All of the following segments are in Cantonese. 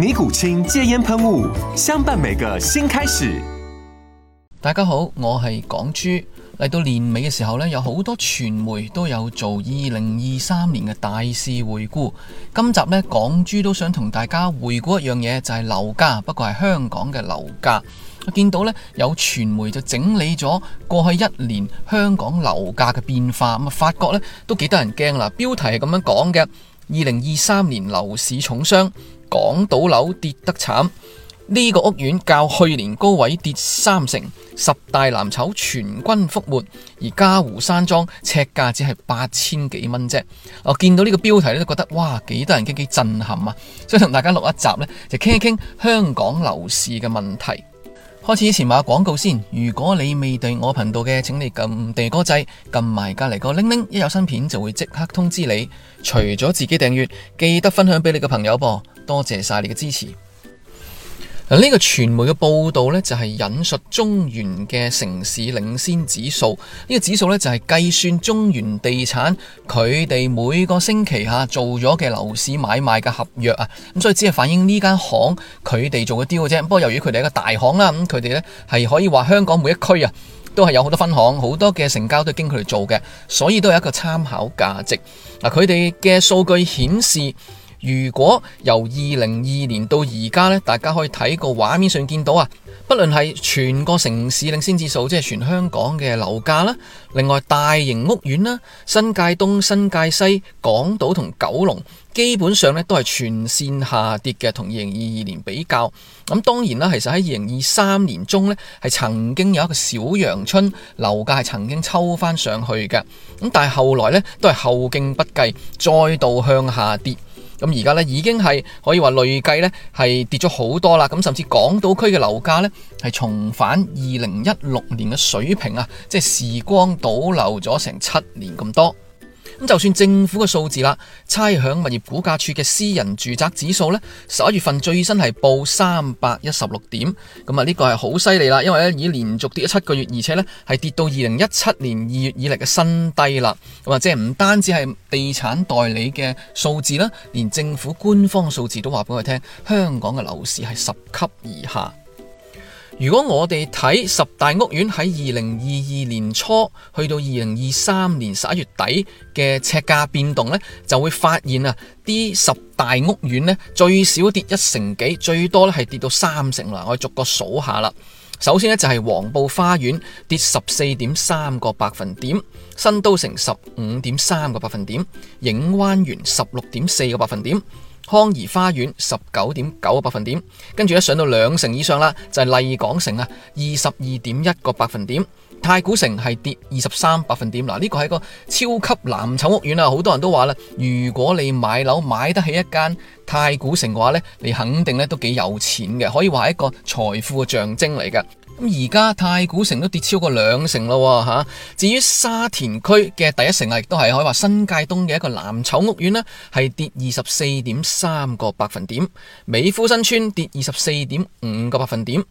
尼古清戒煙噴霧，相伴每個新開始。大家好，我係港珠。嚟到年尾嘅時候呢，有好多傳媒都有做二零二三年嘅大事回顧。今集呢，港珠都想同大家回顧一樣嘢，就係樓價。不過係香港嘅樓價，我見到呢，有傳媒就整理咗過去一年香港樓價嘅變化。咁啊，發覺呢都幾得人驚啦。標題係咁樣講嘅：二零二三年樓市重傷。港島樓跌得慘，呢個屋苑較去年高位跌三成，十大藍籌全軍覆沒，而嘉湖山莊尺價只係八千幾蚊啫。我見到呢個標題咧，都覺得哇，幾多人驚，幾震撼啊！所以同大家錄一集呢，就傾一傾香港樓市嘅問題。開始以前賣個廣告先。如果你未對我頻道嘅，請你撳訂閱嗰掣，撳埋隔籬個鈴鈴，一有新片就會即刻通知你。除咗自己訂閱，記得分享俾你嘅朋友噃。多謝晒你嘅支持。呢個傳媒嘅報道呢，就係引述中原嘅城市領先指數，呢個指數呢，就係計算中原地產佢哋每個星期下做咗嘅樓市買賣嘅合約啊，咁所以只係反映呢間行佢哋做嘅啲嘅啫。不過由於佢哋係一個大行啦，咁佢哋呢係可以話香港每一區啊都係有好多分行，好多嘅成交都經佢哋做嘅，所以都有一個參考價值。嗱，佢哋嘅數據顯示。如果由二零二二年到而家呢，大家可以睇個畫面上見到啊，不論係全個城市領先指數，即係全香港嘅樓價啦，另外大型屋苑啦，新界東新界西，港島同九龍基本上呢都係全綫下跌嘅，同二零二二年比較，咁當然啦，其實喺二零二三年中呢，係曾經有一個小陽春，樓價係曾經抽翻上去嘅。咁但係後來呢都係後勁不繼，再度向下跌。咁而家呢，已經係可以話累計呢係跌咗好多啦。咁甚至港島區嘅樓價呢，係重返二零一六年嘅水平啊！即係時光倒流咗成七年咁多。咁就算政府嘅數字啦，差響物業估價署嘅私人住宅指數咧，十一月份最新係報三百一十六點，咁啊呢個係好犀利啦，因為咧已經連續跌咗七個月，而且咧係跌到二零一七年二月以嚟嘅新低啦，咁啊即係唔單止係地產代理嘅數字啦，連政府官方數字都話俾我聽，香港嘅樓市係十級以下。如果我哋睇十大屋苑喺二零二二年初去到二零二三年十一月底嘅尺價變動呢，就會發現啊，啲十大屋苑呢，最少跌一成幾，最多咧係跌到三成。嗱，我哋逐個數下啦。首先呢，就係黃埔花園跌十四點三個百分點，新都城十五點三個百分點，影灣園十六點四個百分點。康怡花園十九點九個百分點，跟住咧上到兩成以上啦，就係麗港城啊，二十二點一個百分點，太古城係跌二十三百分點。嗱，呢個係個超級藍籌屋苑啦，好多人都話啦，如果你買樓買得起一間太古城嘅話呢，你肯定呢都幾有錢嘅，可以話係一個財富嘅象徵嚟噶。咁而家太古城都跌超過兩成咯，吓啊。至於沙田區嘅第一城啊，亦都係可以話新界東嘅一個藍籌屋苑呢，係跌二十四點三個百分點。美孚新村跌二十四點五個百分點，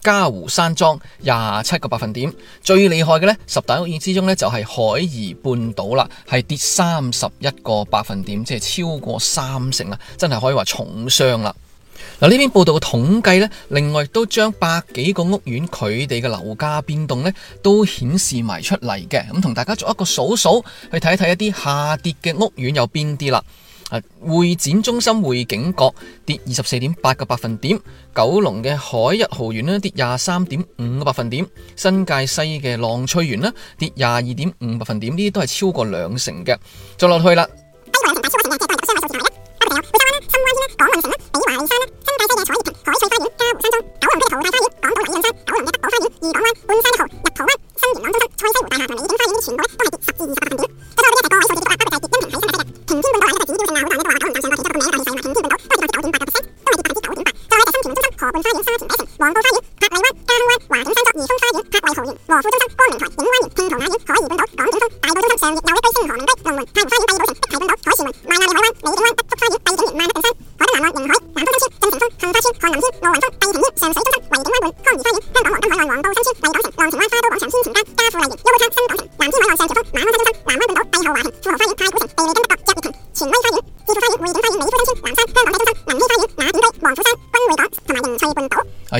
嘉湖山莊廿七個百分點。最厲害嘅呢，十大屋苑之中呢就係海怡半島啦，係跌三十一個百分點，即係超過三成啊，真係可以話重傷啦。嗱，呢邊報道嘅統計咧，另外都將百幾個屋苑佢哋嘅樓價變動呢都顯示埋出嚟嘅。咁同大家做一個數數，去睇睇一啲下跌嘅屋苑有邊啲啦。誒，會展中心會景閣跌二十四點八個百分點，九龍嘅海逸豪園咧跌廿三點五個百分點，新界西嘅浪翠園呢跌廿二點五百分點，呢啲都係超過兩成嘅。再落去啦，啲唔同嘅城大嘅城咧，即係今日嘅香港數包括有匯佳灣啦、深灣啦、港運城啦、比華利山啦。大沙田、嘉湖山莊、九龍的淘大花園、港島的龍俊山、九龍的德寶花園、二港灣、半山一號，日頭灣、新元朗中心、賽西湖大廈同美景花園啲全部咧，都係跌十二二十個百分點。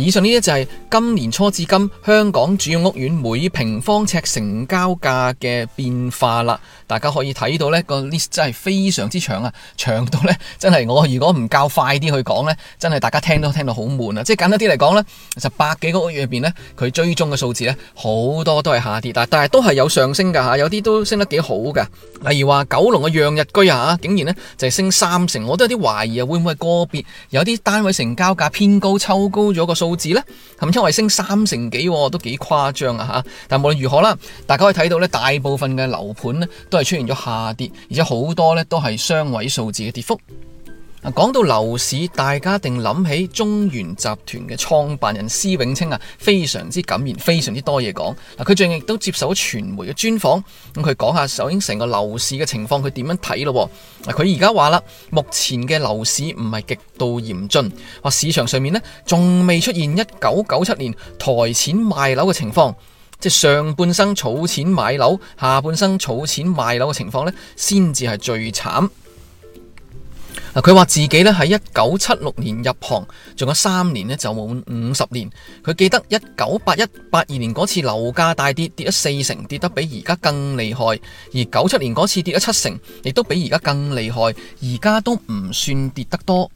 以上呢啲就係今年初至今香港主要屋苑每平方尺成交價嘅變化啦。大家可以睇到呢個 list 真係非常之長啊，長到呢，真係我如果唔較快啲去講呢，真係大家聽都聽到好悶啊！即係簡單啲嚟講呢，就百幾個屋苑入邊呢，佢追蹤嘅數字呢，好多都係下跌，但係都係有上升㗎嚇，有啲都升得幾好㗎。例如話九龍嘅讓日居嚇，竟然呢就係、是、升三成，我都有啲懷疑啊，會唔會個別有啲單位成交價偏高，抽高咗個數。數字呢，咁因為升三成幾，都幾誇張啊吓！但無論如何啦，大家可以睇到呢，大部分嘅樓盤呢都係出現咗下跌，而且好多呢都係雙位數字嘅跌幅。講到樓市，大家一定諗起中原集團嘅創辦人施永青啊，非常之敢言，非常之多嘢講。嗱，佢最近亦都接受咗傳媒嘅專訪，咁佢講下首映成個樓市嘅情況，佢點樣睇咯？嗱，佢而家話啦，目前嘅樓市唔係極度嚴峻，話市場上面呢仲未出現一九九七年抬錢賣樓嘅情況，即係上半生儲錢買樓，下半生儲錢賣樓嘅情況呢，先至係最慘。佢話自己咧喺一九七六年入行，仲有三年咧就冇五十年。佢記得一九八一八二年嗰次樓價大跌，跌咗四成，跌得比而家更厲害；而九七年嗰次跌咗七成，亦都比而家更厲害。而家都唔算跌得多。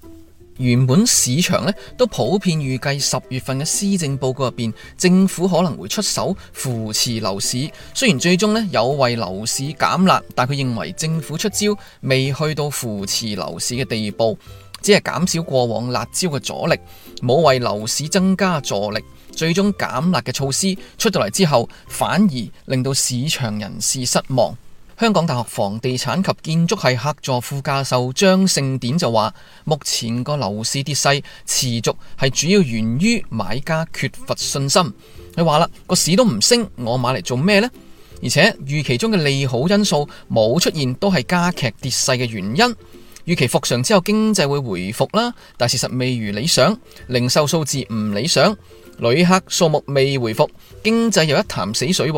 原本市場呢都普遍預計十月份嘅施政報告入邊，政府可能會出手扶持樓市。雖然最終呢有為樓市減辣，但佢認為政府出招未去到扶持樓市嘅地步，只係減少過往辣招嘅阻力，冇為樓市增加助力。最終減辣嘅措施出咗嚟之後，反而令到市場人士失望。香港大學房地產及建築系客座副教授張勝典就話，目前個樓市跌勢持續，係主要源於買家缺乏信心。佢話啦，個市都唔升，我買嚟做咩呢？而且預期中嘅利好因素冇出現，都係加劇跌勢嘅原因。預期復常之後經濟會回復啦，但事實未如理想，零售數字唔理想，旅客數目未回復，經濟又一潭死水。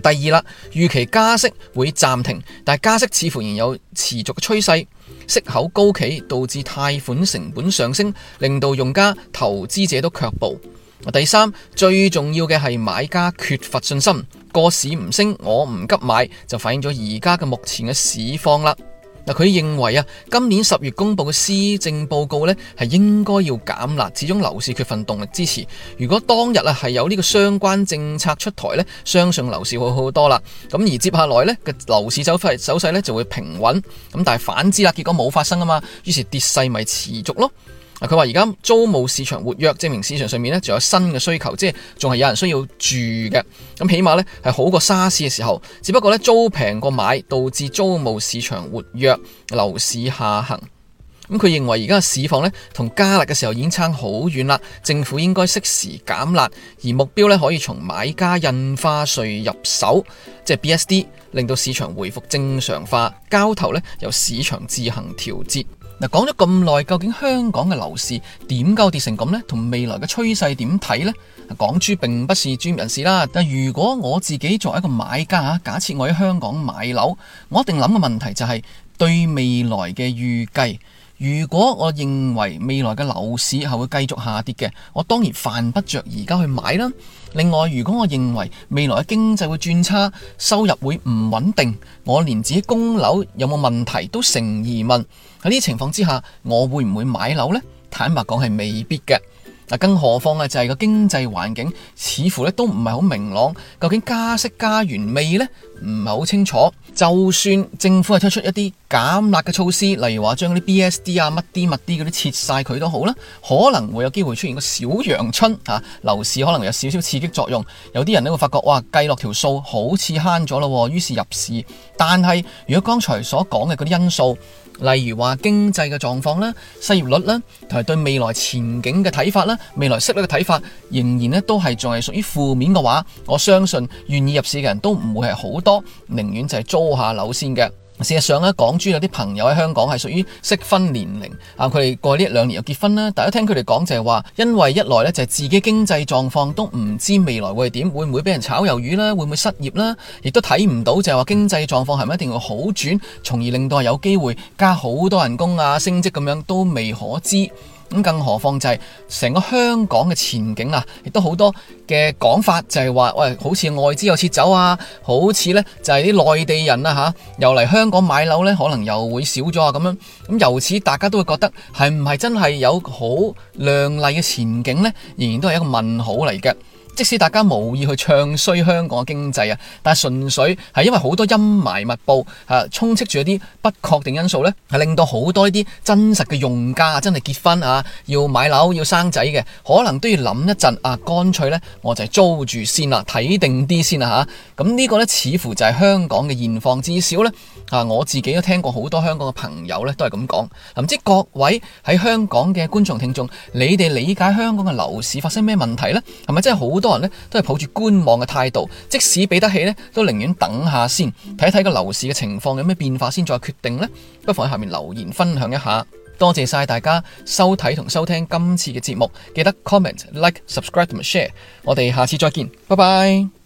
第二啦，預期加息會暫停，但係加息似乎仍有持續嘅趨勢，息口高企導致貸款成本上升，令到用家、投資者都卻步。第三，最重要嘅係買家缺乏信心，個市唔升，我唔急買，就反映咗而家嘅目前嘅市況啦。嗱，佢認為啊，今年十月公布嘅施政報告咧，係應該要減辣，始終樓市缺乏動力支持。如果當日啊係有呢個相關政策出台咧，相信樓市會好好多啦。咁而接下來咧嘅樓市走勢走勢咧就會平穩。咁但係反之啦，結果冇發生啊嘛，於是跌勢咪持續咯。佢話而家租務市場活躍，證明市場上面呢，仲有新嘅需求，即係仲係有人需要住嘅。咁起碼呢係好過沙士嘅時候，只不過呢租平過買，導致租務市場活躍，樓市下行。咁佢認為而家市況呢，同加辣嘅時候已經差好遠啦，政府應該適時減辣，而目標呢，可以從買家印花稅入手，即係 BSD，令到市場回復正常化，交投呢，由市場自行調節。嗱，講咗咁耐，究竟香港嘅樓市點夠跌成咁呢？同未來嘅趨勢點睇呢？港豬並不是專業人士啦，但如果我自己作為一個買家啊，假設我喺香港買樓，我一定諗嘅問題就係、是、對未來嘅預計。如果我認為未來嘅樓市係會繼續下跌嘅，我當然犯不着而家去買啦。另外，如果我認為未來嘅經濟會轉差，收入會唔穩定，我連自己供樓有冇問題都成疑問。喺呢啲情況之下，我會唔會買樓呢？坦白講係未必嘅。更何況啊，就係個經濟環境似乎咧都唔係好明朗，究竟加息加完未呢？唔係好清楚。就算政府係推出一啲減辣嘅措施，例如話將啲 BSD 啊乜啲乜啲嗰啲切晒佢都好啦，可能會有機會出現個小陽春嚇、啊，樓市可能會有少少刺激作用。有啲人咧會發覺哇，計落條數好似慳咗咯，於是入市。但係如果剛才所講嘅嗰啲因素，例如話經濟嘅狀況啦、失業率啦，同埋對未來前景嘅睇法啦、未來息率嘅睇法，仍然呢都係仲係屬於負面嘅話，我相信願意入市嘅人都唔會係好多，寧願就係租下樓先嘅。事實上呢，港豬有啲朋友喺香港係屬於適婚年齡，啊，佢哋過呢一兩年又結婚啦。大家聽佢哋講就係話，因為一來呢，就係自己經濟狀況都唔知未來會係點，會唔會俾人炒魷魚啦，會唔會失業啦，亦都睇唔到就係話經濟狀況係咪一定會好轉，從而令到有機會加好多人工啊、升職咁樣都未可知。咁更何況就係成個香港嘅前景啊，亦都好多嘅講法就係話，喂，好似外資有撤走啊，好似呢就係啲內地人啊嚇，又嚟香港買樓呢，可能又會少咗啊咁樣。咁由此大家都會覺得係唔係真係有好靚麗嘅前景呢？仍然都係一個問號嚟嘅。即使大家無意去唱衰香港嘅經濟啊，但係純粹係因為好多陰霾密布，吓充斥住一啲不確定因素呢，係令到好多呢啲真實嘅用家真係結婚啊，要買樓要生仔嘅，可能都要諗一陣啊，乾脆呢，我就租住先啦，睇定啲先啦吓。咁呢個呢，似乎就係香港嘅現況，至少呢。啊！我自己都聽過好多香港嘅朋友呢，都係咁講。唔知各位喺香港嘅觀眾聽眾，你哋理解香港嘅樓市發生咩問題呢？係咪真係好多人呢，都係抱住觀望嘅態度，即使俾得起呢，都寧願等下先，睇睇個樓市嘅情況有咩變化先再決定呢？不妨喺下面留言分享一下。多謝晒大家收睇同收聽今次嘅節目，記得 comment、like、subscribe 同 share。我哋下次再見，拜拜。